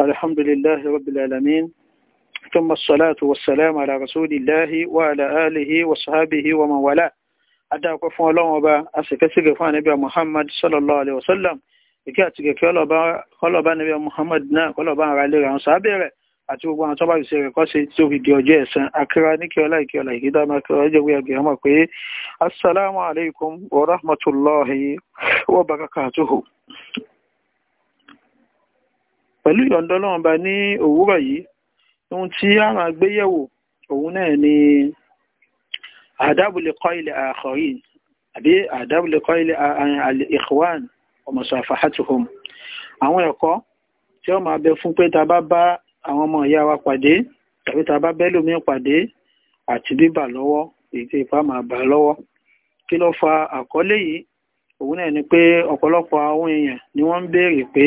الحمد لله رب العالمين ثم الصلاة والسلام على رسول الله وعلى آله وصحابه ومن والاه adáàkọ́ fún ọlọ́run ọba àṣekẹ́síkẹ́ fún ànábì muhammad sallallahu alayhi wa sallam ìkí àti kẹ̀kẹ́ ọlọ́ba ànábì muhammad náà ọlọ́ba ara ilé rẹ̀ àwọn sábẹ́ rẹ̀ àti gbogbo àwọn tó bá fi ṣe rẹ̀ kọ́sí tó fi di ọjọ́ ẹ̀san akíra níkẹ́ ọlá ìkẹ́ ọlá ìkídá mákìrọ̀ ọjọ́ ìwé àgbẹ̀ ọmọ pé assalamu alaykum wa rahmatulahi wa barakatuhu pẹ̀lú ìyọ̀ǹda ọlọ́run ọba ní òwúrọ̀ yìí ohun tí a máa gbé yẹ̀wò òun náà ni àdábùlẹ̀ kọ́ ilẹ̀ àkọ́rí àbí àdábùlẹ̀ kọ́ ilẹ̀ al-ikhwan ọmọ sàfàhàtùhùm àwọn ẹ̀kọ́ tí ó máa bẹ fún pé ta bá bá àwọn ọmọ ìyá wa pàdé tàbí ta bá bẹ́ lómi pàdé àti bíbà lọ́wọ́ èyí ìfá máa bà lọ́wọ́ kí ló fa àkọlé yìí òun náà ni pé ọ̀pọ̀lọpọ̀ àwọn èèyàn ni wọ́n ń béèrè pé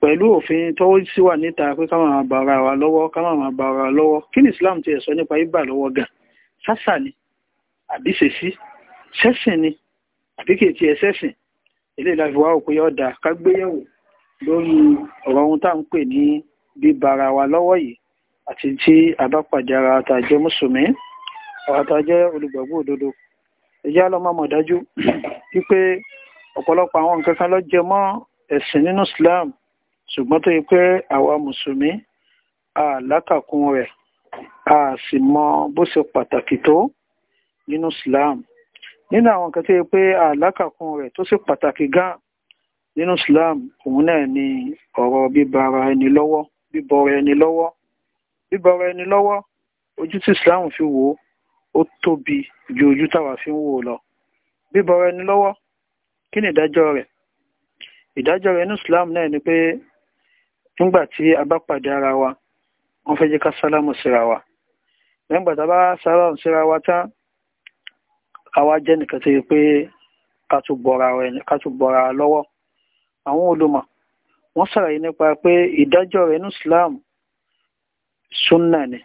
pẹ̀lú òfin tó sì wà níta pé ká máa bá ara wa lọ́wọ́ ká máa bá lọ́wọ́ kí ni Islam ti sọ nípa ibà lọ́wọ́ gan sásà ni àbí ṣèṣí ṣẹ́sìn ni àbí kì í ti ẹ̀ṣẹ̀sìn eléyìí láti wá òpin ọ̀dà ká lórí ọ̀rọ̀ ohun tá à ń pè ní bíbá wa lọ́wọ́ yìí àti tí a bá pàdé ara ta jẹ́ mùsùlùmí ara ta jẹ́ olùgbàgbọ́ òdodo ẹ̀jẹ̀ á lọ́ máa mọ̀ dájú wípé ọ̀pọ̀lọpọ̀ àwọn nǹkan kan ló mọ́ ẹ̀sìn nínú Islam ṣùgbọ́n tó yẹ pé àwa mùsùlùmí a lákàkún rẹ̀ a sì mọ bó ṣe pàtàkì tó nínú Islam nínú àwọn nǹkan tó yẹ pé a lákàkún rẹ̀ tó ṣe pàtàkì gan nínú Islam òun náà ni ọ̀rọ̀ bíbara ẹni lọ́wọ́ bíbọra ẹni lọ́wọ́ bíbọra ẹni lọ́wọ́ ojú tí Islam fi wò ó tóbi ju ojú táwa fi ń wò lọ bíbọra ẹni lọ́wọ́ kí ni ìdájọ́ rẹ̀ ìdájọ́ rẹ̀ ní Islam náà ni pé nígbà tí a bá pàdé ara wa wọ́n fẹ́ jẹ́ ká sálámù síra wa nígbà tá a bá sálámù síra wa tán àwa jẹ́ nìkan tó yẹ pé ká tún bọ́ra lọ́wọ́ àwọn olùmọ̀ wọ́n sàlàyé nípa pé ìdájọ́ rẹ̀ ní Islam sunna ni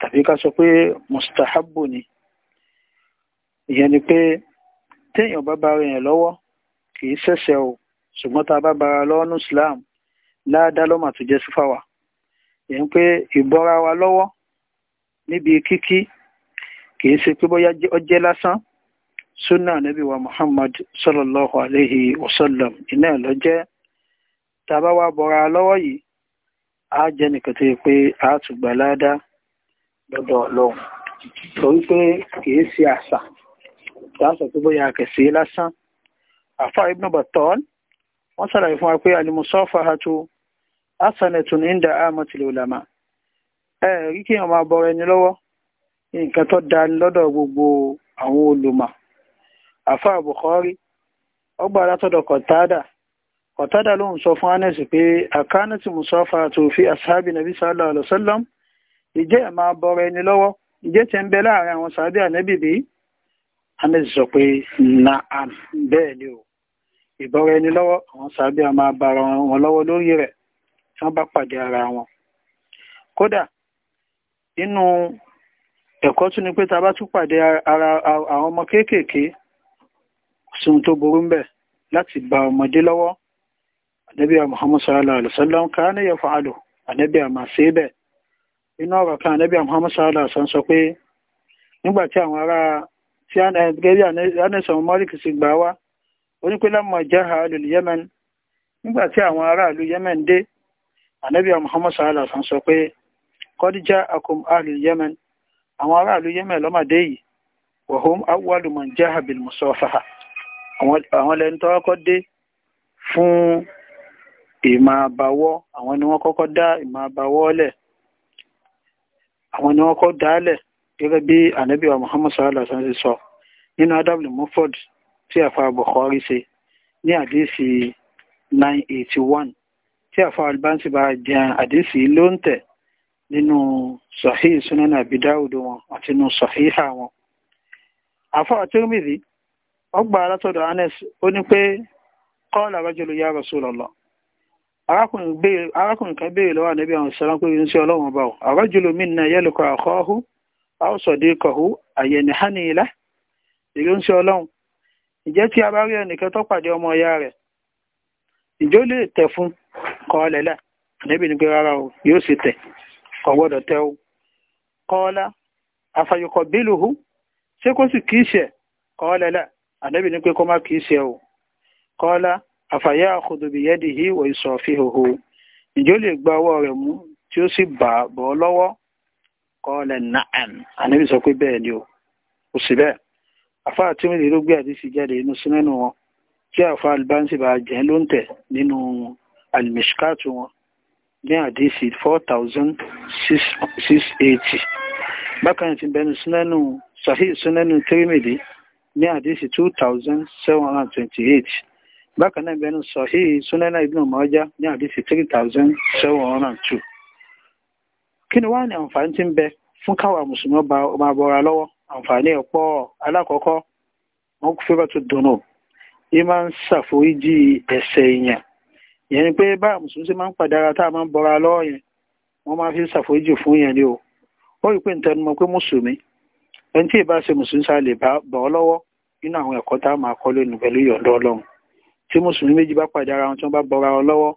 tàbí ká sọ pé mustahabu ni ìyẹn ni pé téèyàn bá bá rẹ̀ lọ́wọ́ kì í ṣẹ̀ṣẹ̀ o ṣùgbọ́n tá a bá bára lọ́wọ́ ní Islam láàdá lọ́mà tó jẹ́ sífàwà ẹ̀ ń pé ìbọra wa lọ́wọ́ níbi kíkí kìí ṣe pé bóyá ọjẹ́ lásán sunna nabi wa muhammad sallallahu alayhi wa sallam iná ẹ̀ lọ́jẹ́ wa bọra lọ́wọ́ yìí á jẹ́ nìkan tó yẹ pé a tún gbà lọ́dọ̀ ọlọ́run torí pé ṣe àṣà bóyá kẹsì lásán wọ́n fún wa pé hasanatun inda amatul ulama ẹ rí kí èèyàn máa bọra ẹni lọ́wọ́ nǹkan tó da lọ́dọ̀ gbogbo àwọn olùmọ̀ àfa ọgbà látọ̀dọ̀ Qatada Qatada ló sọ fún Anas pé àkánàtì musafa tó fi asabi nabi sallallahu alaihi wasallam máa bọra ẹni ti ń bẹ láàrin àwọn sàbí sọ pé na'am tí wọ́n bá pàdé ara wọn kódà nínú ẹ̀kọ́ tún ni pé ta bá tún pàdé ara àwọn ọmọ kéékèèké sóhun tó burú ń bẹ̀ láti gba ọmọdé lọ́wọ́ ànábì Muhammad sallallahu alaihi wasallam kana yaf'alu ànábì àmà sí bẹ̀ inú ọ̀rọ̀ kan ànábì Muhammad sallallahu alaihi wasallam sọ pé nígbà tí àwọn ará tí eh, gẹ́gẹ́ anẹ́sàn mọ́rík sì gbà wá onípínlẹ̀ mọ̀ jẹ́ àlùl Yemen nígbà tí àwọn ará Yemen dé ànábì Muhammad sallallahu alaihi wasallam sọ pé kọ́díjà akum alu yemen àwọn aráàlú yemen lọ́màdé yìí wahum awwalu man jaha bil musafaha àwọn lẹ́ni tó kọ́kọ́ dé fún ìmọ̀ àbáwọ́ àwọn ni wọ́n kọ́kọ́ dá ìmọ̀ àbáwọ́ lẹ̀ àwọn ni wọ́n kọ́ dálẹ̀ gẹ́gẹ́ bí ànábì Muhammad sallallahu alaihi ti sọ nínú adabul mufrad tí àfa Bukhari ṣe ní àdísì 981 tí àfa albánsì bá jẹun àdísì ló ń tẹ̀ nínú sahih sunan abidáwùdó wọn àti nínú sahiha wọn àfa àtúrúmìdì ọgbà alátọ̀dọ̀ anes ó ní pé qala rajulu ya rasulallah arákùnrin kan béèrè lọ́wọ́ ànábì àwọn ìsọ̀rọ̀ pé ní sí ọlọ́run ọba ọ̀ arajulu minna yalqa akhahu aw sadiqahu ayanhani lahu èyí ń ṣe ọlọ́run ìjẹ́ tí a bá rí ẹnìkan tó pàdé ọmọ ìyá lè tẹ̀ fún kọ́ọ́lẹ̀ là ànábì ní pé rárá o yóò sì tẹ̀ kò gbọ́dọ̀ tẹ́ o kọ́ọ́lá àfàyọkọ̀ bílùú ṣé kó sì kìí ṣe kọ́ọ́lẹ̀ là ànábì ní pé kó má kìí ṣe o kọ́ọ́lá àfàyà àkùdùbìyẹ́dì yìí wọ ìsọ̀fì hòhò ìjọ lè gba ọwọ́ rẹ̀ mú tí ó sì bà bọ́ lọ́wọ́ kọ́ọ̀lẹ̀ na'am ànábì sọ pé bẹ́ẹ̀ ni o kò sí bẹ́ẹ̀ àfáà tí wọ́n lè ló gbé àdísì jáde inú sínú wọn tí àfáà bá ń sì bá jẹ́ ló ń tẹ̀ nínú àlùmíṣíkàtù ni ní 4680 bákan náà ti bẹnu súnẹ́nù sahih súnẹ́nù tírímìdì ní àdísì 2728 bákan náà bẹnu sahih súnẹ́nù ibn Majah ní àdísì 3702 kí ni wá ní àǹfààní tí ń bẹ fún káwa mùsùlùmí ọba bọra lọ́wọ́ àǹfààní ọ̀pọ̀ alákọ̀ọ́kọ́ wọn kò fẹ́ bá tó dùn náà yìí máa ń ṣàforíjì ẹ̀ṣẹ̀ èèyàn ìyẹn ni pé bá mùsùlùmí ṣe máa ń pàdára tá a máa ń bọra lọ́wọ́ yẹn wọ́n máa fi ń ṣàforíjì fún yẹn ni o ó rí pé ń tẹnu mọ́ pé mùsùlùmí ẹni tí ìbá ṣe mùsùlùmí sá lè bọ̀ ọ́ lọ́wọ́ nínú àwọn ẹ̀kọ́ tá a máa kọ́ lónìí pẹ̀lú ìyọ̀ǹda ọlọ́run tí mùsùlùmí méjì bá pàdára wọn tí wọ́n bá bọra wọn lọ́wọ́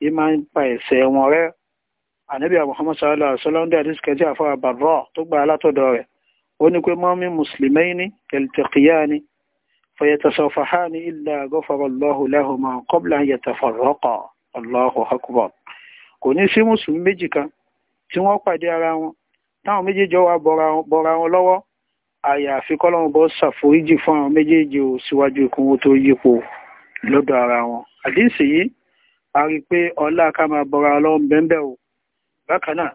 yìí máa ń pa ẹ̀ṣẹ̀ wọn rẹ́ ànábì Muhammad sallallahu alaihi wasallam àdìsí kẹtí àfọwà bàbá tó gba alátọ̀dọ̀ rẹ̀ ó ní pé mọ́mí فيتصافحان إلا غفر الله لهما قبل أن يتفرقا الله أكبر kò ní sí mùsùlùmí méjì kan tí wọ́n pàdé ara wọn táwọn méjèèjì wà bọ́ra wọn lọ́wọ́ àyàfi kọ́lọ́run bọ́ ṣàforíjì fún àwọn méjèèjì ò síwájú ikú wọn tó yípo lọ́dọ̀ ara wọn àdínsì yìí a rí i pé ọlá ká máa bọ́ra ọlọ́run bẹ́ńbẹ́ o bákan náà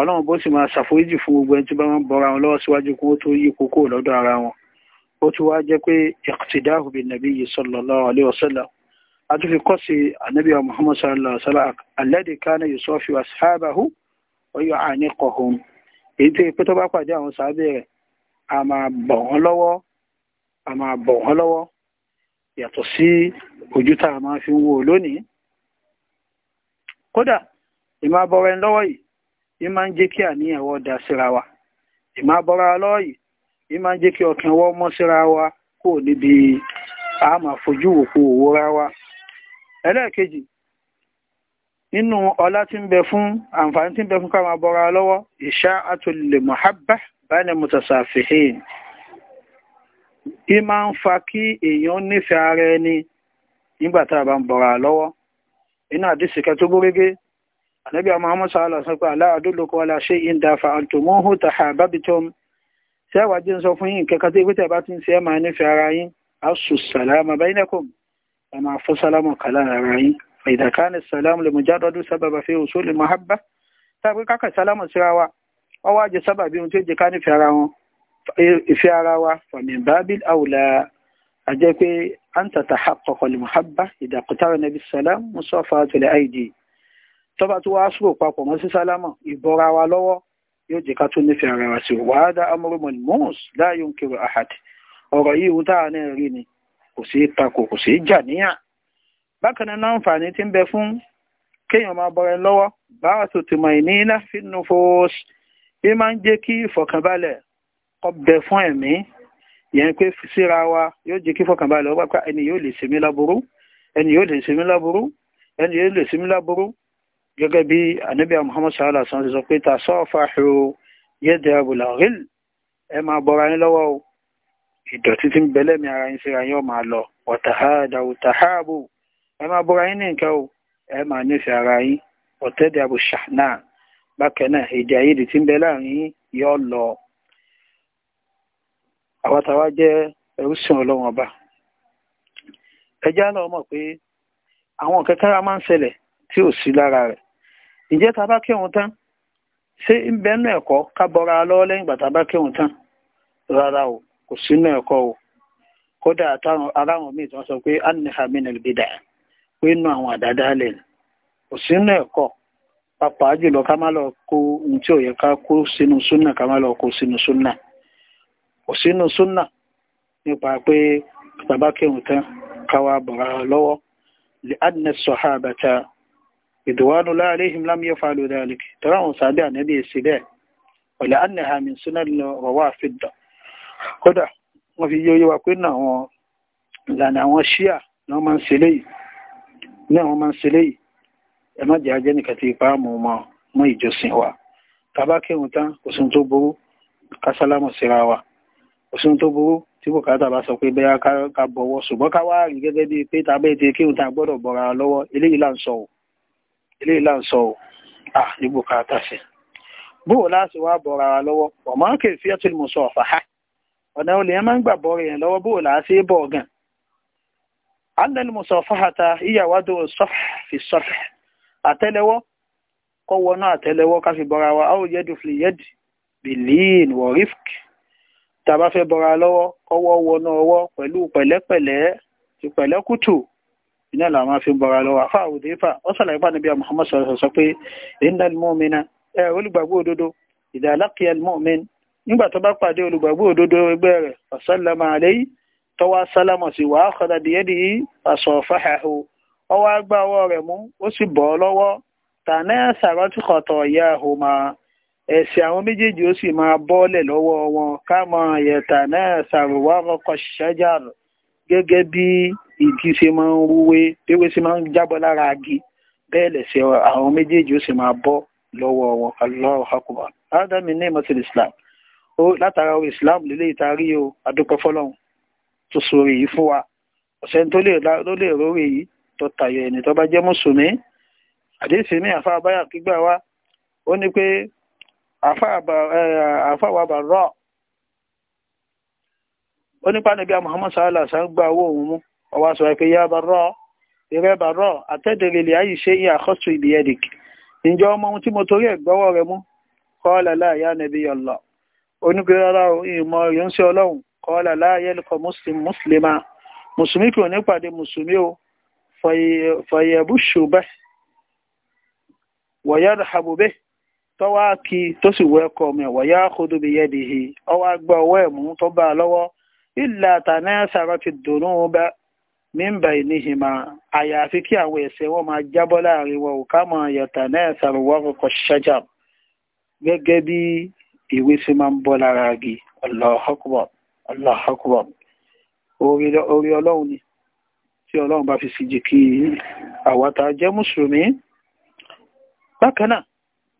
ọlọ́run bó sì máa ṣàforíjì fún gbogbo ẹni tí bá wọn bọ́ra wọn lọ́wọ́ síwájú ikú tó yípo kúrò lọ́dọ̀ ara wọn ó ti wá jẹ́ pé iqtidahu bin nabiyyi sallallahu alayhi wa sallam a tún fi kọ́ sí anabi muhammad sallallahu alayhi wa sallam alladhi kana yusafi ashabahu wa yu'aniquhum èyí tó yẹ pé tó bá pàdé àwọn sábẹ́ rẹ̀ a máa bọ̀ wọ́n lọ́wọ́ a máa bọ̀ wọ́n lọ́wọ́ yàtọ̀ sí ojú tá a máa fi ń wo lónìí kódà ìmọ̀ abọ́rẹ́ lọ́wọ́ yìí ìmọ̀ ń jẹ́ kí àníyàn wọ́n da síra wa ìmọ̀ abọ́rẹ́ lọ́wọ́ yìí yìí máa ń jẹ́ kí ọkàn wọ́n mọ́ síra wa kò níbi a máa fojú òkú òwúra wa ẹlẹ́ẹ̀kejì nínú ọlá tí ń bẹ fún àǹfààní tí ń bẹ fún ká máa bọ́ra lọ́wọ́ ìṣá àtòlè mọ̀hábà báyìí mutasafihin ìmá ń fa kí èèyàn nífẹ̀ẹ́ ara ẹni nígbà tá a bá ń bọ́ra lọ́wọ́ iná àdìsí kẹtó gúrégé ànábì Muhammad sallallahu alaihi wasallam ala adullukum ala shay'in idha sẹ́wàá jẹ́ ń sọ fún yín kẹ́kẹ́ tí pété bá ti ń ṣe ẹ̀ máa nífẹ̀ẹ́ ara yín aṣù sàlámà bainakum ẹ̀ máa fọ́ sálámà kàlà ara yín ìdàkánì sàlámù lè mú jádọ́dún sábàbà fi òṣù lè mahabba tàbí kákà sálámù síra wa wọ́n wá jẹ sábàbí ohun tó jẹ ká nífẹ̀ẹ́ ara wọn ìfẹ́ ara wa famin babil awla àjẹ́ pé an tatahaqqaqa lil mahabba ìdàkútàrà nabi sàlámù sọ́fà tẹ̀lé àìdí tọ́ba yóò jẹ́ ká tún nífẹ̀ẹ́ ara wa sí wàhádà amúrúmọ̀ mọ́ọ̀s láàyò ń kiri àhàdì ọ̀rọ̀ yìí ń táà náà rí ni kò sí takò kò sí jà níyà bákan náà láǹfààní tí ń bẹ fún kéèyàn máa bọrẹ lọ́wọ́ bá a tó tìmọ̀ ìní láfínú fòs bí máa ń jẹ́ kí ìfọ̀kànbalẹ̀ kó bẹ fún ẹ̀mí yẹn pé síra wa yóò jẹ́ kí ìfọ̀kànbalẹ̀ ọgbà pé ẹni yóò lè sinmi láburú ẹni yóò lè sinmi láburú ẹni yóò lè sinmi láburú gẹ́gẹ́ bí ànábì Muhammad sallallahu alaihi wasallam sọ pé ta sọ́ọ̀fà ṣòro yẹ́dẹ̀ abùlàríl ẹ máa bọ́ra yín lọ́wọ́ o ìdọ̀tí tí ń bẹ̀lẹ̀ mi ara yín síra yín ọ̀ máa lọ ọ̀tàhádà ọ̀tàhábù ẹ máa bọ́ra yín ní nǹkan o ẹ máa nífẹ̀ẹ́ ara yín ọ̀tẹ́dẹ̀ abùṣàánà bákan náà èdè àìyedè tí ń bẹ láàrin yín yọ lọ àwọn jẹ́ ẹrú sìn ọba ẹjá náà mọ̀ pé àwọn kẹkẹrẹ máa ń ṣẹlẹ̀ tí ò sí lára rẹ̀ ìjẹ́ tá bá kírun tán ṣé ń bẹ́nu ẹ̀kọ́ ká bọ́ra lọ́wọ́ lẹ́yìn ìgbà o kò sínú ẹ̀kọ́ o kódà aráwọn míì tí wọ́n sọ pé anniha minal bid'a pé inú àwọn àdádálẹ̀ kò sínú ẹ̀kọ́ pàápàá jùlọ ká má lọ kó ohun tí ò yẹ ká kó sínú súnà ká má lọ kó sínú súnà kò sínú súnà nípa pé kírun tán lọ́wọ́ ìdùwánu láàrín lam yafalu dhalik tọ́rọ àwọn sàbí ànẹ́bí èsì bẹ́ẹ̀ ọ̀lẹ́ annaha min sunan rọwà fìdọ̀ kódà wọ́n fi yóyé wa pé náà wọn ìlànà àwọn ṣíà náà máa ń ṣe léyìí náà wọ́n máa ń ṣe léyìí ẹ má jẹ́ ajẹ́ nìkan ti ipa mọ̀ mọ́ mọ́ ìjọsìn wa tàbá kírun tán kò tó burú kásálámù síra wa kò tó burú tí bùkátà bá sọ pé bẹ́ẹ̀ ká bọ̀wọ́ ṣùgbọ́n ká wá rí gẹ́gẹ́ bíi pé tàbí ètè kírun tán gbọ́dọ̀ bọ̀ra lọ́wọ́ eléyìí là ń sọ ilé ìlànsọ à káàtà sí bóò láti wá wa lọ́wọ́ fi mú sọ ọ̀fà ha ọ̀nà olè ẹ máa ń gbà bọ́ọ̀rọ̀ lọ́wọ́ bóò láti bọ̀ gan alẹ́lẹ́ mú sọ ọ̀fà ta ìyàwó kọ́ wọnú ká fi wa áwò yẹ́dù fi tá a bá fẹ́ bọ́ra lọ́wọ́ iná làwọn máa fi ń bọra lọ́wọ́ àfa àwòdè fà ó sàlàyé bá níbi Muhammad sọ̀rọ̀ sọ pé iná mọ́mìnà ẹ olùgbàgbọ́ òdodo ìdá alákìá mọ́mìn nígbà tó bá pàdé olùgbàgbọ́ òdodo ẹgbẹ́ rẹ̀ ọ̀sálàmà àlẹ́yìí tọ́wọ́ sálámọ̀ sí wàá kọ́dà bìyẹ́dì yìí àṣọ fàáhù ọwọ́ agbá ọwọ́ rẹ̀ mú ó sì bọ̀ ọ́ lọ́wọ́ tàná sàrọ́tìkọ̀tọ̀ ìyá àhùmá ẹ̀sìn àwọn méjèèjì ó sì máa bọ́ọ̀lẹ̀ lọ́wọ́ wọn káàmọ̀ yẹ̀tà náà sàrùwárọ̀kọ̀ ṣẹ́jà gẹ́gẹ́ bí igi ṣe máa ń rúwé ewé ṣe máa ń jábọ́ lára agi bẹ́ẹ̀ lẹ̀ṣẹ̀ àwọn méjèèjì ó sì máa bọ́ lọ́wọ́ wọn Allahu akbar ádámì ní ìmọ̀sílẹ̀ Islam ó látara o Islam lílé ìtarí o adúpẹ́ fọlọ́run tó sọ̀rọ̀ yìí fún wa ọ̀sẹ̀ tó lè rórí yìí tó tayọ ẹni tó bá jẹ́ mùsùlùmí àdéhùn àfa àbáyà gbígbà wa ó ní pé àfa wa bá rọ̀ ó nípa níbi Muhammad sallallahu alaihi wasallam gba owó òun mú ọwọ́ sọ pé yá bàrọ̀ ìrẹ́ bàrọ̀ àtẹ́dẹ̀rẹ̀ lè ayì ṣe ìyá àkọ́sù ìdí ẹ̀dìk ǹjẹ́ ọmọ ohun tí mo torí ẹ̀ gbọ́wọ́ rẹ mú kọ́ọ̀lá láàyà nàbí Allah onígbèrè rárá o ìmọ̀ rẹ̀ ọlọ́run kọ́ọ̀lá láàyè lukọ̀ mùsùlùmá mùsùlùmí kì ò ní pàdé mùsùlùmí o fọyẹ̀bù ṣùgbẹ́ wọ̀yẹ́ àbùbẹ́ tọ́wọ́ kí tó sì wọ ẹkọ mi wọ̀yẹ́ àkódó ọwọ́ agbá ẹ̀mú tó bá a lọ́wọ́ ìlà àtàná sàrọ̀ ti dùnú bẹ́ẹ̀ mímbà ìníhìmá àyàfi kí àwọn ẹ̀ṣẹ̀ wọn máa jábọ́ láàrin wọn ò ká mọ yàtà náà sàrùwọ́rọ̀ kọ ṣájà gẹ́gẹ́ bí ìwé sí máa ń bọ́ lára igi ọlọ́ọ̀họ́kùbọ̀ ọlọ́ọ̀họ́kùbọ̀ orí ọlọ́run ni tí ọlọ́run bá fi síjì kí àwátá jẹ́ mùsùlùmí bákan náà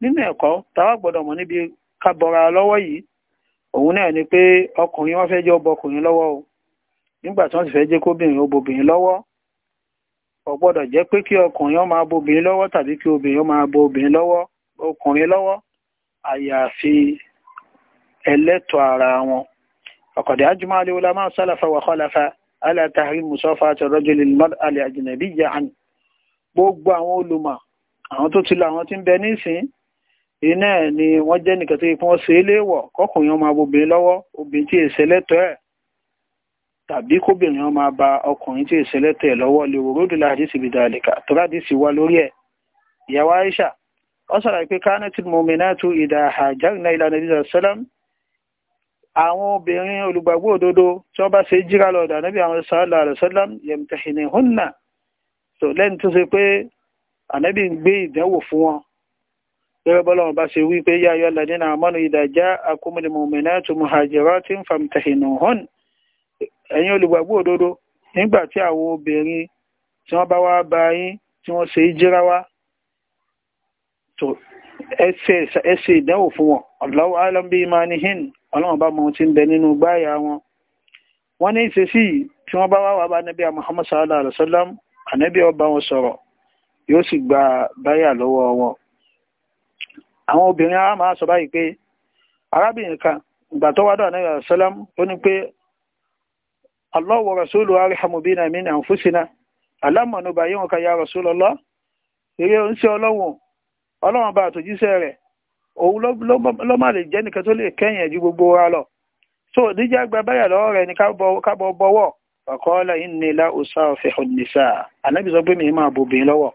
nínú ẹ̀kọ́ táwa gbọ́dọ̀ mọ̀ níbi ká bọra lọ́wọ́ yìí òun náà ni pé ọkùnrin wọn fẹ́ jẹ́ ọbọkùnrin lọ́wọ́ o nígbà tí wọ́n sì fẹ́ jẹ́ kóbìnrin ó bobìnrin lọ́wọ́ ó gbọ́dọ̀ jẹ́ pé kí ọkùnrin ó máa bobìnrin lọ́wọ́ tàbí kí obìnrin ó máa bo obìnrin lọ́wọ́ ọkùnrin lọ́wọ́ àyàfi ẹlẹ́tọ̀ ara wọn ọ̀kọ̀dẹ̀ ajúmọ́ alẹ́ wọlé máa sálàfà wà kọ́láfà alátàrí musọ́fà àti rọ́jòlè alẹ́ àjìnàbí yà án gbogbo àwọn olùmọ̀ àwọn tó ti lọ àwọn tí ń bẹ nísìn iná ẹ̀ ni wọ́n jẹ́ nìkan tó yẹ kí wọ́n ṣe é léèwọ̀ kọkùnrin ó máa bobìnrin lọ́wọ́ obìnrin tí èsẹ̀ lẹ́tọ̀ọ́ ẹ̀ tàbí kóbìnrin ọmọ bá ọkùnrin tí ìṣẹlẹtẹ lọ́wọ́ lè wò ròdì láti síbi dàlíkà tó láti sì wá lórí ẹ ìyàwó Aisha ó sọ̀rọ̀ pé kánẹtì mọmìnàtù ìdá àjàrìnà ìlànà ìdíjà sẹlẹm àwọn obìnrin olùgbàgbọ́ òdodo tí wọ́n bá ṣe jíra lọ dànàbí àwọn sàálà rẹ sẹlẹm yẹmtẹhìnì húnnà tó lẹ́ni tó ṣe pé ànábì ń gbé ìdánwò fún wọn gẹ́gẹ́ bọ́lá wọn bá ṣe wí pé yáyọ ladina amanu ìdájá akúmọlẹmọmìnàtù muhajirati famtahìnì húnnà ẹ̀yin olùgbàgbọ́ òdodo nígbà tí àwọn obìnrin tí wọ́n bá wá bá yín tí wọ́n ṣe jíra wá ẹ ṣe ìdánwò fún wọn Allahu a'lam bi imanihin ọlọ́run bá mọ ohun tí ń bẹ nínú gbáyà wọn wọ́n ní ìṣesí tí wọ́n bá wá wà bá nẹ́bí Muhammad sallallahu alaihi wasallam ànẹ́bí ọba wọn sọ̀rọ̀ yóò sì gba báyà lọ́wọ́ wọn àwọn obìnrin a máa sọ báyìí pé arábìnrin kan ìgbà tó wádọ̀ ànẹ́bí sallam ó ní pé Allah wa rasuluhu arhamu bina min anfusina alamma nubayyuka ya rasulullah eré ń ṣe ọlọ́wọ̀n ọlọ́wọ̀n bá àtòjíṣẹ́ rẹ̀ òun ló má lè jẹ́ nìkan tó lè kẹ́yìn ẹ̀jú gbogbo wa lọ so níjà gba báyà lọ́wọ́ rẹ̀ ni kábọ̀ bọ́wọ́ faqala inni la usafihu nisa ànábì sọ pé mi máa bòbìn lọ́wọ́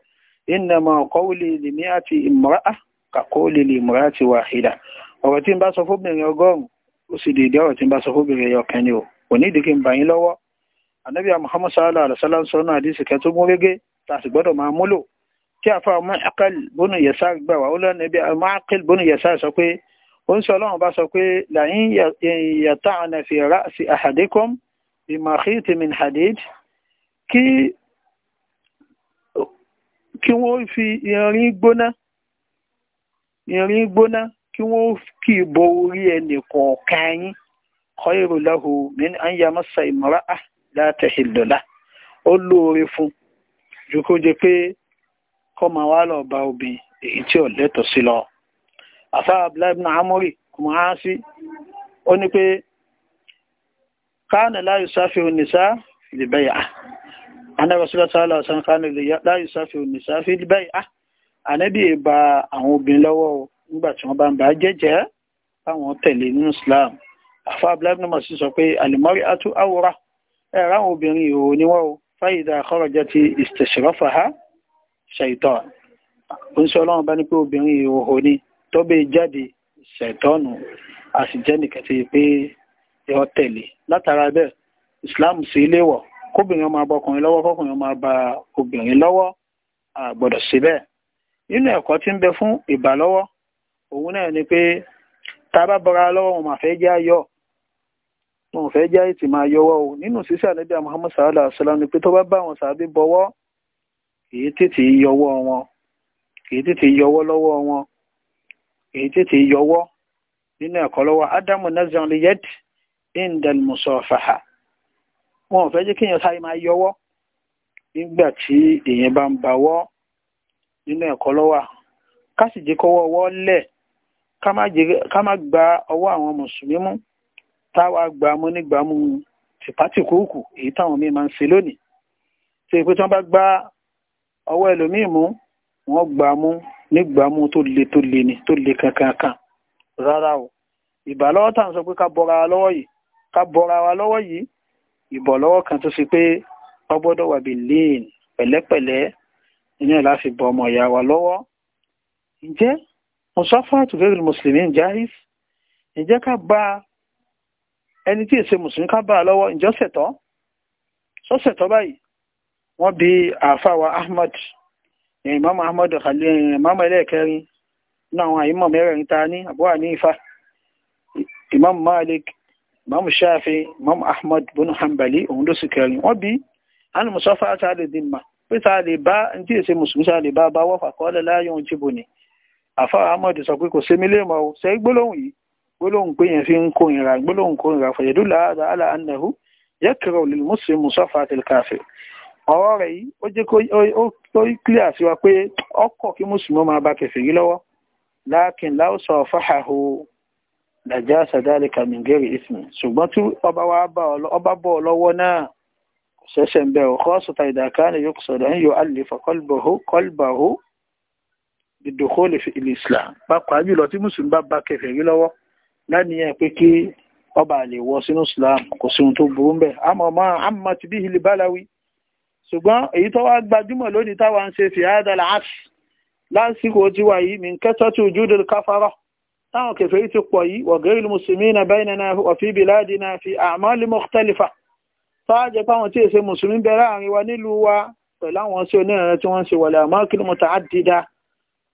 innama qawli li mi'ati imra'a ka qawli li imra'ati wahida ọ̀rọ̀ tí n bá sọ fóbìnrin ọgọ́rùn-ún ó sì dìde ọ̀rọ̀ tí n bá sọ fóbìnrin ẹyọkan ni o kò ní ìdíkì ń bà yín lọ́wọ́ anabi muhammad sallallahu alaihi wa sallam sọ náà àdìsí kẹtù mú régé tá a sì gbọ́dọ̀ máa múlò tí àfa mu'aqil bónú yẹsà gbà wá ó lọ níbi mu'aqil bónú yẹsà sọ pé ó ń sọ ọlọ́run bá sọ pé la'in yata'na fi ra'si ahadikum bi makhit min hadid kí kí wọ́n fi irin gbóná irin gbóná kí wọ́n kì í bo orí ẹnì kọ̀ọ̀kan yín khayru lahu min an yamassa imra'a la tahillu lah ó lóore fún ju kó jẹ pé kọ́ máa wá lọ lọ. àfa abdullahi ibn amori kùmọ̀ á sí ó ní kana la yusafihu nisa fil bay'ah ana rasulullah sallallahu alaihi wasallam kana la yusafihu nisa fil bay'ah ànábì ba islam afa abdullahi masu sọ pé alimari atu awura ẹ̀rọ àwọn obìnrin ìhò ni wọ́n fáyidà akọ́rọ̀jẹ́ ti ìstẹ̀ṣẹ̀rọ́fà ha ṣàìtọ́ ń sọ ọlọ́run bá ní pé obìnrin ìhò ni tó bẹ́ jáde ṣàìtọ́nù a sì jẹ́ nìkan ti pé ẹ tẹ̀lé látara bẹ́ẹ̀ islam sí ilé wọ̀ kóbìnrin máa bọ lọ́wọ́ kọkùnrin máa ba obìnrin lọ́wọ́ a gbọ́dọ̀ sí bẹ́ẹ̀ nínú ẹ̀kọ́ tí ń bẹ fún ìbálọ́wọ́ òun náà ni pé tá bá bọra lọ́wọ́ wọn máa fẹ́ jẹ́ ayọ̀ wọn fẹ́ jẹ́ ètì máa yọwọ́ o nínú sísẹ́ ànábì Muhammad sallallahu alaihi wasallam ni pé tó bá bá àwọn sàábé bọwọ́ kìí tètè yọwọ́ wọn kìí tètè yọwọ́ lọ́wọ́ wọn kìí tètè yọwọ́ nínú ẹ̀kọ́ lọ́wọ́ ádámù nazan lè indal musafaha wọn fẹ́ jẹ́ kéèyàn sáré máa yọwọ́ nígbà tí èèyàn bá ń bawọ́ nínú ẹ̀kọ́ lọ́wọ́ ká sì jẹ́ kọ́wọ́ ọwọ́ ká má gba ọwọ́ àwọn mùsùlùmí mú táwa gbàmú nígbàmú tìpátìkúùkù èyí táwọn míì máa ń ṣe lónìí tí èpè tí wọ́n bá gbá ọwọ́ ẹlòmíì mú wọ́n gbàmú nígbàmú tó le tó le ni tó le kankankan rárá o ìbàlọ́wọ́ tá à ń sọ pé ká bọ́ra wa lọ́wọ́ yìí ká bọ́ra wa lọ́wọ́ yìí ìbọ̀ lọ́wọ́ kan tó ṣe pé wọ́n gbọ́dọ̀ wà bí léèn pẹ̀lẹ́pẹ̀lẹ́ nínú ẹ̀ láti bọ ọmọ ìyá wa lọ́wọ́ ǹjẹ́ musafa tùfẹ́rù mùsùlùmí jahis ǹjẹ́ ká bá ẹni tí èsè mùsùlùmí ká bá a lọ́wọ́ ǹjọ́ ṣẹ̀tọ́ sọ́ṣẹ̀tọ́ báyìí wọ́n bi àfàwà Ahmad Imam Ahmad Khalil Imam ẹlẹ́ẹ̀kẹrin náà àwọn àyímọ̀ mẹ́rẹ̀ẹ̀rin ta ní Abu Hanifa Imam Malik Imam Shafi Imam Ahmad bin Hanbali òun ló sì kẹrin wọ́n bi alimusafa sáàlè dìmà pé sáàlè bá ní tí èsè mùsùlùmí sáàlè bá bá wọ́fà kọ́lẹ̀ láàyò ohun jìbò ni àfàwà Ahmad sọ pé kò sémi lè mọ̀ sẹ́gbólóhùn yìí gbólóhùn pé yẹn fi ń kó ìrà gbólóhùn kó ìrà fàyẹ̀dúlà àdá àlà ànàhù yẹ́kẹ̀rọ̀ lè mùsùlùmí musafa àti kàfẹ́ ọ̀rọ̀ rẹ̀ yìí ó jẹ́ kó kílẹ̀ àti wa pé ọkọ̀ kí mùsùlùmí máa bá kẹfẹ́ yìí lọ́wọ́ láàkín láwùsọ̀ fáhàhù dàjà sàdáàlì kàmìngẹ́rì ìsìn ṣùgbọ́n tí ọba bọ̀ lọ́wọ́ náà kò ṣẹ̀ṣẹ̀ ń bẹ̀ ọ̀ kọ́ sọ̀tà ìdàkánì yóò sọ̀dọ̀ ń yọ àlìfà kọ́lbàhù dídòkó lè fi ìlú Islam pàápàá jùlọ tí mùsùlùmí bá bá kẹfẹ́ yìí lọ́wọ́ lánìyàn pé kí ọba lè wọ sínú islam kò sí ohun tó burú ń bẹ àmọ́ ọmọ àmọ́ ti bí ilé báláwí ṣùgbọ́n èyí tó wá gbajúmọ̀ lónìí táwa ń ṣe fìyàdàlà as lásìkò tí wà yìí mi ń kẹtọ́ tí ojú dèrò káfárọ̀ táwọn kẹfẹ́ ti pọ̀ yìí wọ̀gẹ́rì mùsùlùmí na bẹ́ẹ̀ na ọ̀fí bìláàdì na fi àmọ́lì mọ̀tẹ́lifà tọ́wájẹ́ páwọn tí èsè mùsùlùmí bẹ̀rẹ̀ àárín wa nílùú wa pẹ̀lú àwọn sí onírànrẹ́ tí wọ́n ń ṣe wọlé àmọ́ kí ni mo ta á dìda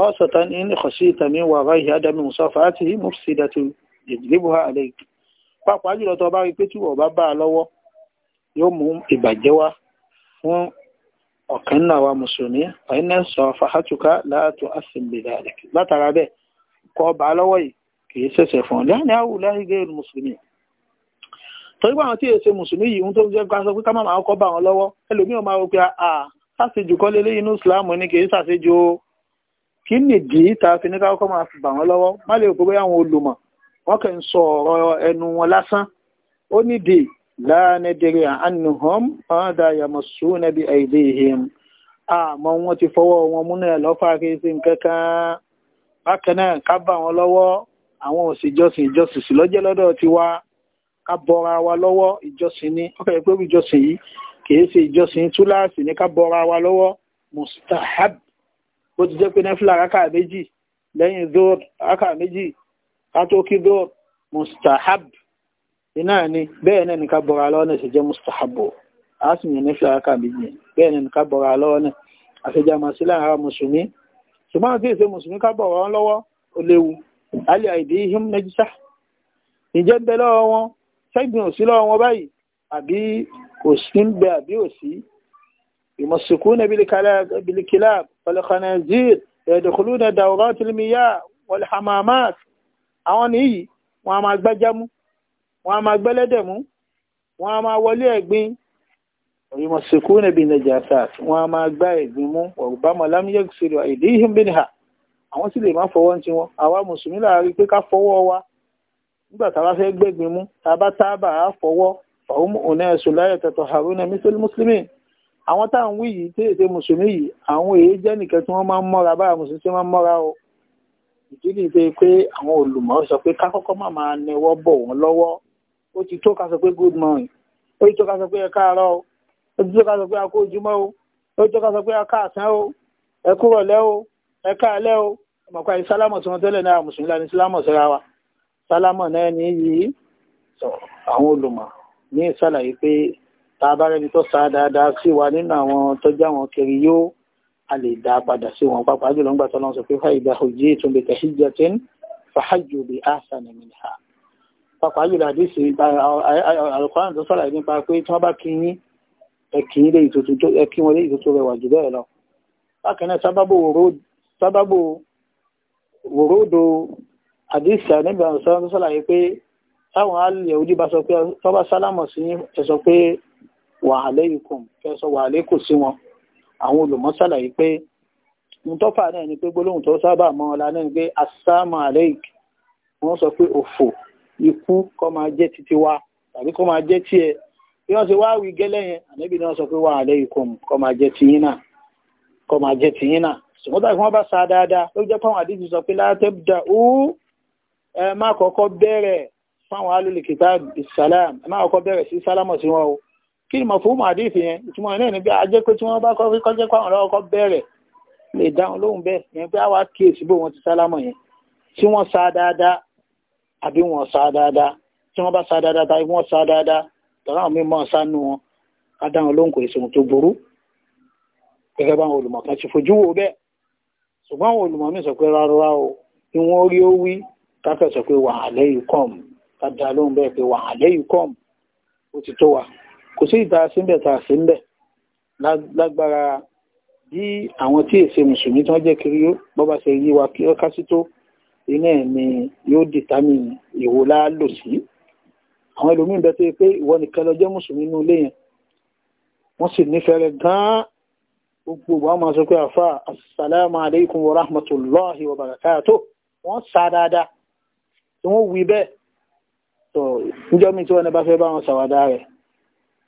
خاصة إن خشيت من ورائه عدم مصافحته مفسدة يجلبها عليك pàápàá jùlọ tó bá rí pé tí wọ́n bá bá a lọ́wọ́ yóò mú ìbàjẹ́ wá fún ọ̀kan náà wa mùsùlùmí àìní sọ fàhátùká láàtò àsìmbìlà rẹ̀ látara bẹ́ẹ̀ kọ́ bá a lọ́wọ́ yìí kìí ṣẹ̀ṣẹ̀ fún lẹ́yìn àwù láì gé mùsùlùmí torí pé àwọn tí èsè mùsùlùmí yìí ń tó jẹ́ ká sọ pé ká má máa kọ́ bá wọn lọ́wọ́ ẹlòmíràn máa rò pé àà ah, sàṣejù kọ́ lélẹ́yìn inú ìsìlámù ni kìí sàṣejù o kí nìdí tá a fi ní fi bà lọ́wọ́ má lè gbogbo àwọn olùmọ̀ wọ́n kàn ń sọ ẹnu wọn lásán ó nídìí lánàdìrí àánúhọ́m ọ̀dà nàbí àìdíhìm àmọ́ wọn ti fọwọ́ wọn múnà sí bákan náà ká bà àwọn òsì ìjọsìn ìjọsìn ti ká bọra wa lọwọ ìjọsìn ni ó pé ìjọsìn yìí ṣe ìjọsìn túláàsì bọra wa bó ti jẹ́ pé nẹ́fìlà rákà méjì lẹ́yìn zor rákà méjì kátókí zor mustahab iná ni bẹ́ẹ̀ náà nìka bọ̀rọ̀ alọ́ náà ṣe jẹ́ mustahabu a sì yàn nẹ́fìlà rákà méjì bẹ́ẹ̀ náà nìka bọ̀rọ̀ alọ́ náà àṣejá màsí láàrin ara mùsùlùmí ṣùgbọ́n àti ìṣe mùsùlùmí ká bọ̀rọ̀ wọn lọ́wọ́ ó léwu alẹ́ àìdí ihim najisa ìjẹ́ ń bẹ lọ́wọ́ wọn ṣẹ́gun òsí lọ́wọ́ wọn báyìí àbí kò bẹ àbí òsí ìmọ̀sìnkú náà bílikilab والخنازير يدخلون دورات المياه والحمامات àwọn nìyí wọn a máa gbẹ́jẹ́ mú wọn a máa gbẹ́lẹ́dẹ̀ mú wọn a máa wọlé ẹ̀gbin ويمسكون بالنجاسات wọn a máa gbá ẹ̀gbin mú وربما لم يغسلوا أيديهم منها àwọn sì lè má fọwọ́ ní tiwọn àwa mùsùlùmí láàrin pé ká fọwọ́ wa nígbà tá a bá fẹ́ gbẹ́gbin mú tá a bá tábà á fọwọ́ فهم أناس لا يتطهرون مثل المسلمين àwọn táwọn wí yìí tí èdè mùsùlùmí yìí àwọn èyí jẹ́ nìkan tí wọ́n máa ń mọ́ra bára mùsùlùmí tí wọ́n máa ń mọ́ra o ìdílé ṣe pé àwọn olùmọ̀ sọ pé ká kọ́kọ́ má máa nẹwọ́ bọ̀ wọ́n lọ́wọ́ ó ti tó ká sọ pé good morning ó ti tó ká sọ pé ẹ káàárọ̀ o ó ti tó ká sọ pé a kó ojúmọ́ o ó ti tó ká sọ pé a káàsán o ẹ kúrọ̀lẹ́ o ẹ káàlẹ́ o ọmọkọ àyè sálámọ̀ tí wọ́n tẹ́lẹ̀ náà mùsùlùmí láti sálámọ̀ síra wa sálámọ̀ náà ní yìí àwọn olùmọ̀ ní ìsàlàyé pé tàbá rẹni tó sá dáadáa sí wa nínú àwọn tọ́jú àwọn kiri yóò a lè dá padà sí wọn pápá jùlọ ńgbà tọ́lọ́n sọ pé fàìdá òjì ìtúnbẹ̀ tahijjatin fahajju bi ahsana minha pápá jùlọ àdìsí alukọ́rán tó sọ̀rọ̀ nípa pé tí wọ́n bá kí yín ẹ̀kí lé ìtòtò rẹwà jù bẹ́ẹ̀ lọ bákan náà sábàbò wòródo àdìsí àníbà sọ̀rọ̀ tó sọ̀rọ̀ pé táwọn alẹ́ òdì bá sọ pé tọ́ba wàhálẹ́ ikùn fẹ́ sọ wàhálẹ́ kò sí wọn àwọn olùmọ́sàlà yìí pé ń tọ́fà náà ni pé gbólóhùn tó sábà mọ́ ọlá náà ni pé asáàmù àlẹ́ìk wọ́n sọ pé òfò ikú kọ́ máa jẹ́ títí wa tàbí kọ́ máa jẹ́ tí ẹ bí wọ́n ṣe wá wí gẹ́lẹ́ yẹn ànábì náà sọ pé wàhálẹ́ ikùn kọ́ máa jẹ́ tiyín náà kọ́ máa jẹ́ tiyín náà ṣùgbọ́n tàbí wọ́n bá sa dáadáa ló jẹ́ fáwọn àdìsí sọ pé látẹ́bùdà ó ẹ má kọ́kọ́ bẹ̀rẹ̀ fáwọn alólùkìtà ìsàlám ẹ má kọ́kọ́ bẹ̀rẹ̀ sí sálámọ̀ sí wọn o kí ni mọ̀fóòmù àdéhìí yẹn ìtumọ̀ náà ni bí a jẹ́ pé tí wọ́n bá kọ́ kọ́ jẹ́ pàwọn ọlọ́wọ́ kọ́ bẹ̀rẹ̀ lè dáhùn lóhùn bẹ́ẹ̀ yẹn pé àwa kíyèsí bó wọn ti sálámọ̀ yẹn tí wọ́n sá dáadáa àbí wọ́n sá dáadáa tí wọ́n bá sá dáadáa tàbí wọ́n sá dáadáa tọ́lá àwọn mímọ́ sánú wọn ká dáhùn lóhùn kò ìṣòwò tó burú gẹ́gẹ́ bá àwọn olùmọ̀ kan ti fojú wo bẹ́ẹ̀ ṣùgbọ́n àwọn olùmọ̀ mi sọ pé rárá o bí wọ́n rí ó wí káfẹ́ sọ pé wà á lẹ́yìn kọ́ọ̀mù ká dá lóhùn bẹ́ẹ̀ pé wà á lẹ́yìn ó ti tó wa kò sí ìta síbẹ̀ ta síbẹ̀ lágbára bí àwọn tí èsè mùsùlùmí tí wọ́n jẹ́ kiri bọ́ bá ṣe yí kí ọ́ kásí tó iná ẹ̀ ni yóò dìtámì ìwò láàlò sí àwọn ẹlòmíín bẹ tó yẹ pé ìwọ nìkan lọ jẹ́ mùsùlùmí inú ilé yẹn wọ́n sì nífẹ̀ẹ́ rẹ̀ gan-an gbogbo wa máa sọ pé àfà assalamu alaikum wa rahmatullahi wa barakatuh wọ́n sá dáadáa tí wọ́n wí bẹ́ẹ̀ tó níjọ́ mi tí wọ́n ní bá fẹ́ bá wọn ṣàwàdà rẹ̀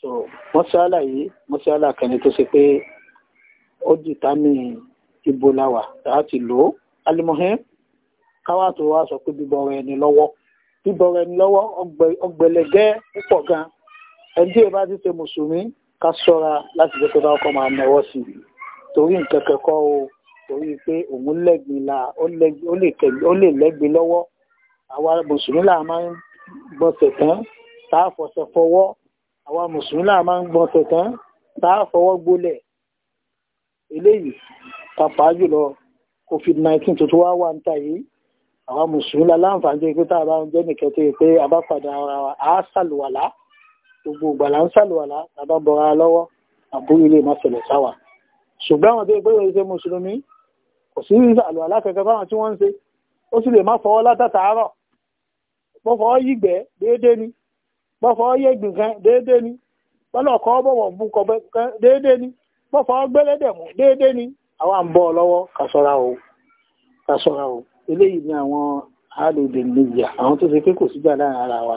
so mọ́ṣálà yìí mọ́ṣálà kẹni tó ṣe pé ó dìtà ní ibo láwà láti lò ó alimohim káwá tó wá sọ pé bíbọrọ ẹni lọ́wọ́ bíbọrọ ẹni lọ́wọ́ ọgbẹ̀lẹ̀gẹ́ púpọ̀ gan ẹni tí ìbá ti ṣe mùsùlùmí ká ṣọ́ra láti jẹ́ pé bá ọkọ̀ máa náwọ́ sí i torí nǹkan kẹ́kọ́ o torí pé òun lẹ́gbin la ó lè lẹ́gbin lọ́wọ́ àwa mùsùlùmí là máa ń gbọ̀nsẹ̀ tán tá a fọṣẹ fọwọ́ àwa mùsùlùmí náà máa ń gbọ́n tẹ̀tán tá a fọwọ́ gbólẹ̀ eléyìí pàápàá jùlọ covid-19 tuntun wá wà ń ta yìí àwa mùsùlùmí la láǹfààní jẹ́ pé tá a bá ń jẹ́ nìkan tó yẹ pé a bá padà ara wa a ṣàlùwàlá gbogbo ìgbà là ń ṣàlùwàlá a bá bọra lọ́wọ́ àbúrò ilé má ṣẹlẹ̀ sáwà ṣùgbọ́n àwọn tó yẹ pé wọ́n ṣe mùsùlùmí kò sí àlùwàlá kankan fáwọn tí wọ́n ń ṣe ó sì lè má fọwọ́ látàtàárọ̀ mo fọwọ́ yígbẹ́ déédéé ni bọ́fọ̀ yé gbìngàn déédéé ni bọ́lọ̀kọ́ bọ̀wọ̀ bú kọ déédéé ni bọ́fọ̀ gbélédè mú déédéé ni àwa ń bọ̀ lọ́wọ́ kàṣọ́ra o kàṣọ́ra o eléyìí ni àwọn àlòdè nìyà àwọn tó ṣe pé kò síjà láàrin ara wa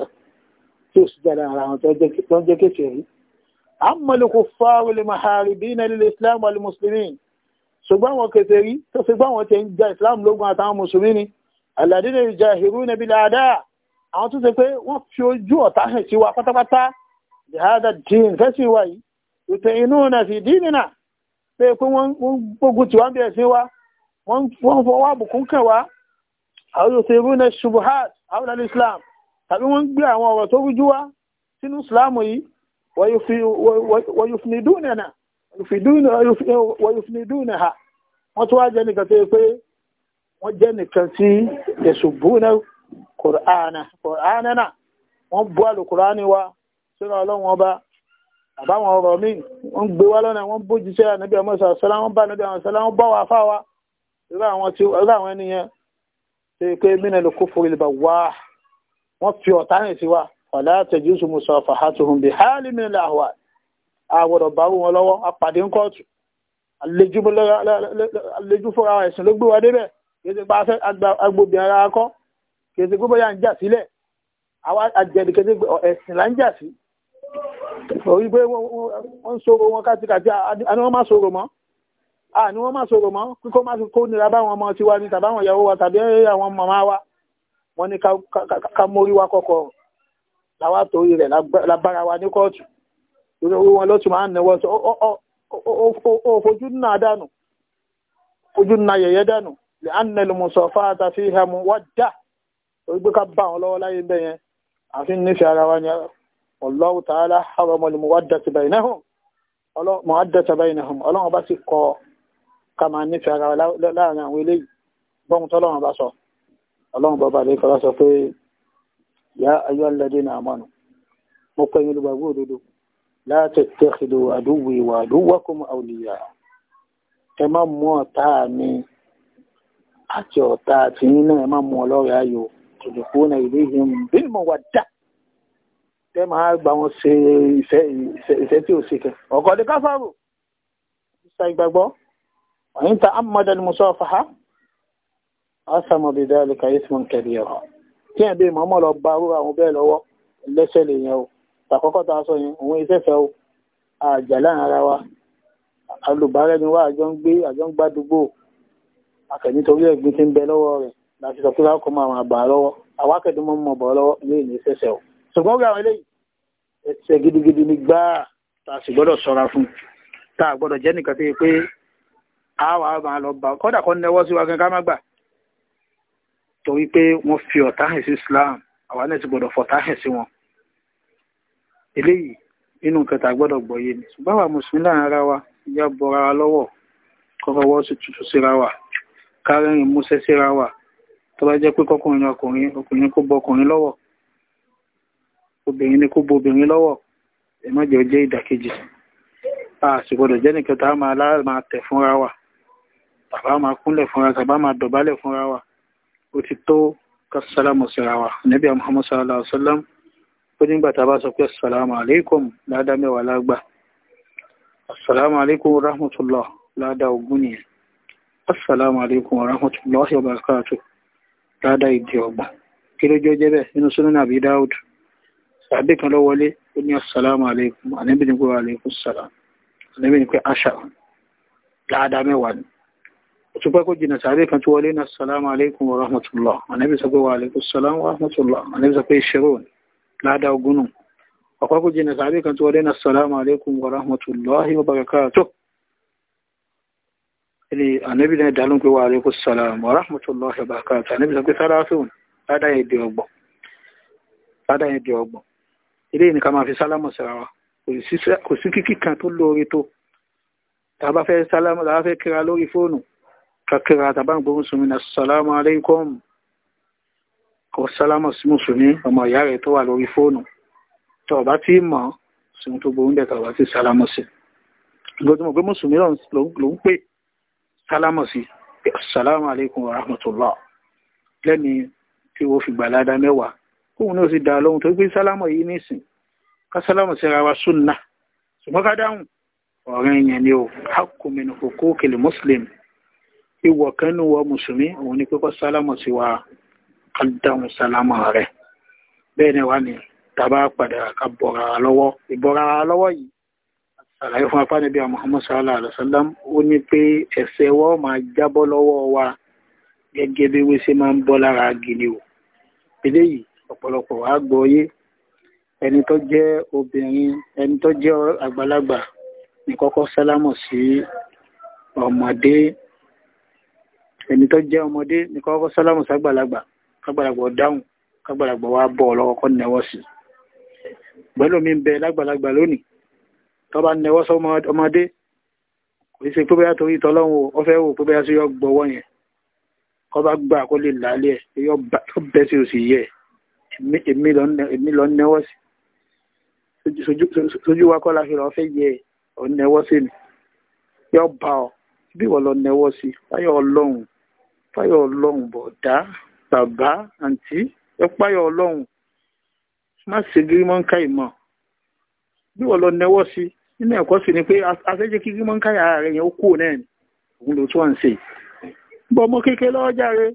tí ò síjà láàrin ara wọn tó ń jẹ́ kéfèé rí àmọ́lùkù fáwọn lè bí iná lílé islam wà mùsùlùmí ṣùgbọ́n àwọn kèfèé rí tó ṣe gbọ́n wọn ti ń ja islam lógun àtàwọn mùsùlùmí ni aládé àwọn tó ṣe pé wọ́n fi ojú ọ̀tá hàn sí wa pátápátá jihada dín fẹ́sìn wa yìí inú náà fi dín nínà pé pé wọ́n gbógun tí wọ́n bẹ̀rẹ̀ sí wa wọ́n fọwọ́ àbùkún kàn wá àwọn yóò ṣe islam tàbí wọ́n gbé àwọn ọ̀rọ̀ tó rújú wá sínú islam yìí wọ́n wá jẹ́ nìkan kùránà na wọ́n bú àlùkùránì wa sínú ọlọ́run ọba àbáwọn ọ̀rọ̀ míì wọ́n gbé wá lọ́nà wọ́n bú jíṣẹ́ ànábì ọmọ sàṣẹ́lá wọ́n bá ànábì àwọn sàṣẹ́lá wọ́n bá wà fáwa irú àwọn ènìyàn ṣe pé mínà lókù fúri lè wá wọ́n fi ọ̀tá rìn sí wa ọ̀lá tẹ̀júṣù musa fàhátùhùn bí hálì mínà làwà àwọ̀dọ̀ bá wọn lọ́wọ́ apàdé ń kọ́ọ̀tù àlejò fúnra ẹ̀sìn ló gbé wa débẹ̀ gbé kèsì gbogbo ya ń jà sílẹ̀ àwa àjẹ̀dì kèsì ẹ̀sìn là ń jà sí orí pé wọ́n ń sọ̀rọ̀ wọn káàkiri àni wọ́n má sọ̀rọ̀ mọ́ àni wọ́n má sọ̀rọ̀ mọ́ kíkọ́ má kó nira báwọn ọmọ tiwa ni tàbí àwọn ìyàwó wa tàbí àwọn màmá wa wọ́n ní ká mórí wa kọ́kọ́ làwa torí rẹ̀ lágbára wa ní kóòtù lórí orí wọn lọ́tù máa ń náwó ó fojú náà dànù fojú náà yẹ̀yẹ́ dànù lè á nà lè mú sọ̀fà wọ́n dà torí pé ká bá wọn lọ́wọ́ láyé bẹ́ẹ̀ yẹn àfi nífẹ̀ẹ́ ara wa ni Allahu ta'ala haramal muwaddata bainahum muwaddata bainahum ọlọ́run bá sì kọ ká máa nífẹ̀ẹ́ ara wa láàrin àwọn eléyìí bọ́n tọ́lọ́run bá sọ ọlọ́run bọ́ba lè fọlá sọ pé ya ayyuhal ladina amanu mo pẹ́ yín olùgbàgbọ́ òdodo la tattakhidu aduwwi wa aduwwakum awliya ẹ má mú ọ̀tá mi àti ọ̀tá tìyín náà ẹ má mú ọlọ́rẹ̀ ayò tòlùkúnà ilayhim bil mawadda tẹ́ máa gbà wọn ṣe ìfẹ́ tí ò sí kẹ ọ̀kọ̀ ní káfàrò ìsà ìgbàgbọ́ ọ̀yìn ta amada ni musafaha asama bi dhalika isman kabira tí ẹ̀ bí mọ́mọ́ lọ bá rú àwọn bẹ́ẹ̀ lọ́wọ́ lẹ́sẹ̀ lè yẹn o tàkọ́kọ́ ta sọ yẹn òun ìfẹ́fẹ́ o àjà láàrin ara wa alùbárẹ́ni wa àjọ ń gbé àjọ ń gbádùgbò akẹ́ni torí ẹ̀gbin ti ń bẹ lọ́wọ́ rẹ̀ láti sọ pé láwọn kọ́ mọ àwọn àgbà lọ́wọ́ àwákẹ́dùn mọ́ mọ́ bọ̀ lọ́wọ́ ilé ìní ṣẹ̀ṣẹ̀ o ṣùgbọ́n gbé àwọn ẹsẹ̀ gidigidi ni gbáà tá a sì gbọ́dọ̀ ṣọ́ra fún tá a gbọ́dọ̀ jẹ́ nìkan tó yẹ pé a wà máa lọ bá kọ́dà kan nẹwọ́ sí wa gan ká má gbà torí pé wọ́n fi ọ̀tá hẹ̀ sí Islam àwa náà ti gbọ́dọ̀ fọ̀tá hẹ̀ sí wọn eléyìí nínú nǹkan tá a gbọ́dọ̀ gbọ́yé ni ṣùgbọ́n àwa mùsùlùmí láàrin ara tó bá jẹ́ pé kọkùnrin ọkùnrin ọkùnrin kó bọkùnrin lọ́wọ́ obìnrin ni kó bobìnrin lọ́wọ́ ẹ má jẹ́ ó jẹ́ ìdàkejì a sì gbọdọ̀ jẹ́ nìkan tá a máa lára máa tẹ̀ fúnra wa tàbá máa kúnlẹ̀ fúnra tàbá máa dọ̀bálẹ̀ fúnra wa ó ti tó kásálámù síra Muhammad sallallahu alaihi wasallam ó nígbà tá a bá sọ assalamu alaikum ládá mẹ́wàá rahmatullah ládá ogún nìyẹn rahmatullah wa barakatuh rádá ìdí ọgbà kí ló jọ jẹ́ bẹ́ẹ̀ nínú súnmọ́ àbí dáúdù sàbí kan ló wọlé ó ní assalamu alaikum àníbì ní pé alaikum salam àníbì ní pé aṣà láàdá mẹ́wàá ni òtúpẹ́ kó jìnà sàbí kan tó wọlé ní assalamu alaikum wa rahmatullah àníbì sọ pé wa alaikum salam wa rahmatullah àníbì sọ pé ìṣirò ni láàdá ogúnnù ọ̀pẹ́ kó jìnà sàbí kan tó wọlé ní assalamu alaikum wa rahmatullahi wa barakatuh ilé ànábì náà dalun pé wà alaykum salaam wa rahmatullahi wa barakatuh ànábì sọ pé sáláfíùn ládáyé di ọgbọ̀n ilé ní ká máa fi sálámù síra wa kò sí kíkí kan tó lóore tó tàbá fẹ́ sálámù tàbá fẹ́ kíra kira fóònù kakíra tàbá ń gbóhùn sùnmí náà sálámù alaykum kò sálámù sí mùsùlùmí ọmọ ìyá rẹ̀ tó wà lórí fóònù tó ọba tí mọ̀ sùn tó gbóhùn bẹ̀ tàbá ti sálámù sí lójúmọ̀ pé mùsùlùmí ló ń pè kálámọ̀ sí assalamu alaikum wa rahmatullah lẹ́ni tí ó fi gbàládá mẹ́wàá kóhun náà sì dá lóhun tó gbé sálámọ̀ yìí nísìn ká sálámọ̀ sí ara wa súnà ṣùgbọ́n ká dáhùn ọ̀rẹ́ yẹn ni ó hakumin hukukil muslim ìwọ kanu wa mùsùlùmí òun ni pípọ́ sálámọ̀ sí wa ká dáhùn sálámọ̀ rẹ̀ bẹ́ẹ̀ ni wà ní tàbá padà ká bọ̀ra lọ́wọ́ ìbọ̀ra lọ́wọ́ yìí àlàyé fún apá níbi Muhammad sallallahu alaihi wasallam ó ní pé ẹ̀ṣẹ̀ wa máa jábọ́ lọ́wọ́ wa gẹ́gẹ́ bí wí ṣe máa ń bọ́ lára gidi o eléyìí ọ̀pọ̀lọpọ̀ wàá gbọ́ yé ẹni tó jẹ́ obìnrin ẹni tó jẹ́ àgbàlagbà ní kọ́kọ́ sálámù sí ọmọdé ẹni tó jẹ́ ọmọdé ní kọ́kọ́ sálámù ságbàlagbà kágbàlagbà dáhùn kágbàlagbà wa bọ̀ lọ́wọ́ kọ́ nẹ́wọ́ sí gbẹ́lómi bẹ lágbàlagbà lónìí tọ́ba nẹwọ́ sọ ọmọdé kò ṣe pé bóyá torí ìtọ́lọ́run o ọ fẹ́ wò pé bóyá sí yọ gbọ́wọ́ yẹn kọ́ bá gbà kó lè lálẹ́ ẹ̀ yọ bẹ́ sí òsì yẹ èmi lọ nẹwọ́ sí sojú wa kọ́ la fi lọ fẹ́ yẹ ọ nẹwọ́ sí mi yọ bá ọ bí wọ́n lọ nẹwọ́ sí fáyọ̀ ọlọ́run fáyọ̀ ọlọ́run bọ̀dá bàbá àǹtí ẹ páyọ̀ ọlọ́run má ṣe gírí mọ́ ń ká ìmọ̀ bí wọ́n lọ nẹwọ́ sí nínú ẹ̀kọ́ sì ni pé afẹ́jẹ́ kíkí mọ́ ń káyà rẹ̀ yẹn ó kú náà ni òun ló tún à ń ṣe bọ́ ọmọ kékeré lọ́wọ́ járe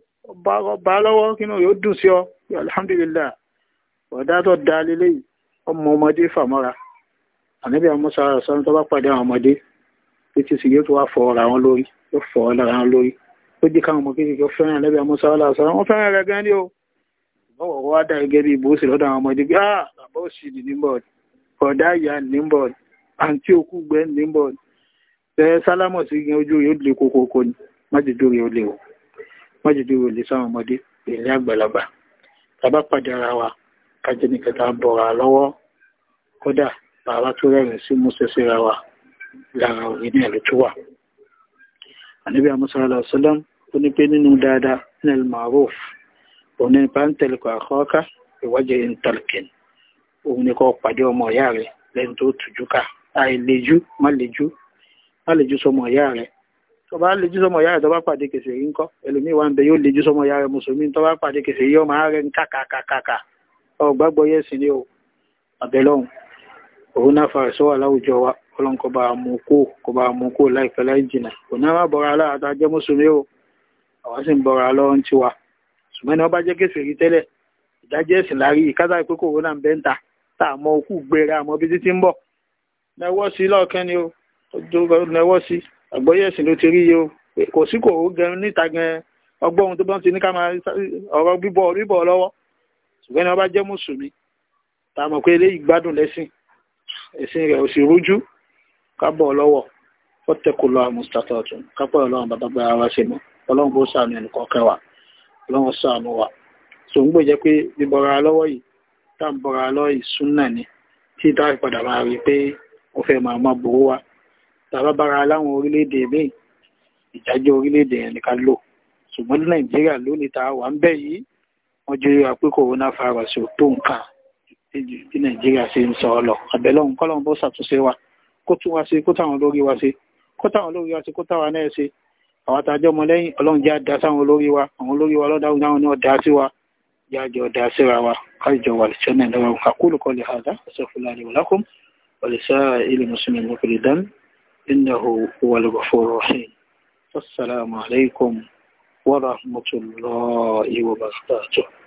bá lọ́wọ́ kí náà yóò dùn sí ọ alhamdulillah ọ̀dá tó da lélẹ́yìí ọmọ ọmọdé fàmọ́ra ànábì àmúṣà sọ́nà tó bá pàdé àwọn ọmọdé títí sì yóò tó wá fọ ọ̀rọ̀ àwọn lórí yóò fọ ọ̀rọ̀ àwọn lórí ó jẹ́ káwọn ọmọ kékeré fẹ́ràn ànábì àmúṣà ọlọ́sọ̀rọ̀ wọ́n fẹ́ràn rẹ̀ gan ni o ìbọ̀wọ̀ wá dà gẹ́gẹ́ bí ìbòsí lọ́dọ̀ àwọn ọmọdé bí ah bàbá òsì ní àǹtí òkú gbẹ ní bọ̀ ẹ sálámọ̀ sí yẹn ojú rẹ̀ ó lè kókó kó ni májèjú rẹ̀ ó lè o májèjú rẹ̀ ó lè sáwọn ọmọdé ilé àgbàlagbà tàbá pàdé ara wa kájẹ ní kẹta bọ̀ra lọ́wọ́ kódà bàbá tó rẹ̀rìn sí múṣẹ́ síra wa lára òye ní ẹ̀lú tó wà àníbí àmúṣọ́lá ọ̀sọ́lám ó ní pé nínú dáadáa ní elmaruf òun ní bá ń tẹ̀lẹ̀kọ̀ àkọ́ọ́ká ìwájẹ̀ intalkin òun ní kọ́ pàdé ọmọ ìyá rẹ̀ lẹ́yìn tó tùjú ká àìlèjú má lèjú má lèjú sọmọ ìyá rẹ tó bá lèjú sọmọ ìyá rẹ tó bá pàdé kèsèrí ńkọ́ ẹlòmíín wà ń bẹ yóò lèjú sọmọ ìyá rẹ mùsùlùmí tó bá pàdé kèsèrí yóò máa rẹ ń kàkàkàkà ọgbàgbọ́ yẹ̀sìn ni o àbẹ̀lọ́hùn òun náà fa ẹ̀sọ́ wà láwùjọ wa ọlọ́run kó bá mú kó kó bá mú kó láìpẹ́ láì jìnà kò náà má bọ́ra aláàtà jẹ́ mùsùlùmí o àwọn sì ń bọ́ra lọ́rùn tí wa ṣùgbọ́n ní wọ́n bá jẹ́ kèsèrí tẹ́lẹ̀ ìdájẹ́ ẹ̀sìn lárí ìkádà pé ń bẹ́ ń ta tá àmọ́ okú gbére àmọ́ bí títí ń bọ̀ nẹwọ́ sí lọ́ọ̀kẹ́ ni o nẹwọ́ sí àgbọ́yé ẹ̀sìn ló ti rí yìí o kò sí kò ó gẹrun níta gan ọgbọ́n ohun tó bá ń ti ní ká máa ọ̀rọ̀ bíbọ bíbọ lọ́wọ́ ṣùgbọ́n ni wọ́n bá jẹ́ mùsùlùmí tá a mọ̀ pé eléyìí gbádùn lẹ́sìn ẹ̀sìn rẹ̀ ò sì rújú ká bọ̀ lọ́wọ́ fọ́tẹ̀kù lọ àwọn mustapha ọ̀tún ká bọ̀ lọ́wọ́ bàbá gba ara ṣe mọ́ ọlọ́run kó ṣàánú ẹnì kọ̀ọ̀kan wa ọlọ́run ṣàánú wa tó ń gbèjẹ́ pé bíbọra lọ́wọ́ yìí tá ń bọra lọ́wọ́ yìí súnà ni tí táà padà máa rí pé ó fẹ́ máa máa gbowó wa tàbá bára láwọn orílẹ̀-èdè míì ìjájọ́ orílẹ̀-èdè yẹn nìkan lò ṣùgbọ́n ní nàìjíríà lónìí tá a wà ń bẹ̀ yìí wọ́n jẹ́ ìwà pé corona virus ò tó nǹkan tí nàìjíríà ṣe ń sọ ọ lọ àbẹ̀lọ́hún kọ́lọ́hún bó ṣàtúnṣe wa kó tún wa ṣe kó táwọn olórí wa ṣe kó táwọn olórí wa ṣe kó táwa náà ṣe àwọn àtàjọ ọmọlẹ́yìn ọlọ́run jẹ́ àdá sáwọn olórí wa àwọn olórí wa lọ́dà òun náà dá sí wa jẹ́ àjọ dá síra wa kájọ wà lẹ́sẹ̀ náà lọ́wọ́ kakúlù kọ́lé àdá ṣẹ̀fúnlá ni wọ́n ولسائر مسلم مفردا إنه هو الغفور الرحيم السلام عليكم ورحمة الله وبركاته